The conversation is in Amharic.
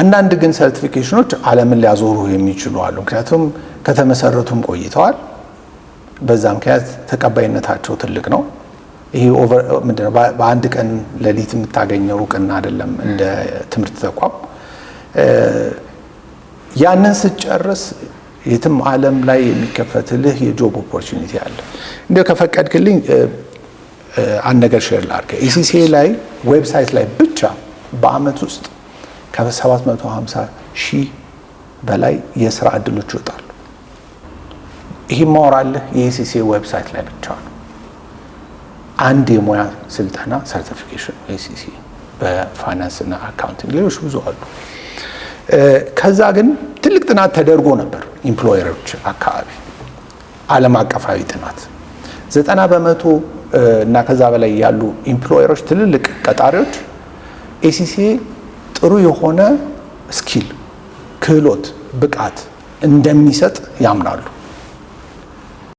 አንዳንድ ግን ሰርቲፊኬሽኖች ዓለምን ሊያዞሩ የሚችሉ አሉ። ምክንያቱም ከተመሰረቱም ቆይተዋል። በዛ ምክንያት ተቀባይነታቸው ትልቅ ነው። ይሄ ምንድነው በአንድ ቀን ሌሊት የምታገኘው እውቅና አይደለም። እንደ ትምህርት ተቋም ያንን ስጨርስ የትም ዓለም ላይ የሚከፈትልህ የጆብ ኦፖርቹኒቲ አለ። እንዲያው ከፈቀድክልኝ አንድ ነገር ሼር ላድርግ። ኢሲሲኤ ላይ ዌብሳይት ላይ ብቻ በአመት ውስጥ ከ750 ሺህ በላይ የስራ እድሎች ይወጣሉ። ይህ ማወራለህ የኢሲሲ ዌብሳይት ላይ ብቻ ነው። አንድ የሙያ ስልጠና ሰርቲፊኬሽን ኢሲሲ በፋይናንስ እና አካውንቲንግ፣ ሌሎች ብዙ አሉ። ከዛ ግን ትልቅ ጥናት ተደርጎ ነበር ኢምፕሎየሮች አካባቢ ዓለም አቀፋዊ ጥናት ዘጠና በመቶ እና ከዛ በላይ ያሉ ኢምፕሎየሮች ትልልቅ ቀጣሪዎች ኤሲሲኤ ጥሩ የሆነ ስኪል፣ ክህሎት፣ ብቃት እንደሚሰጥ ያምናሉ።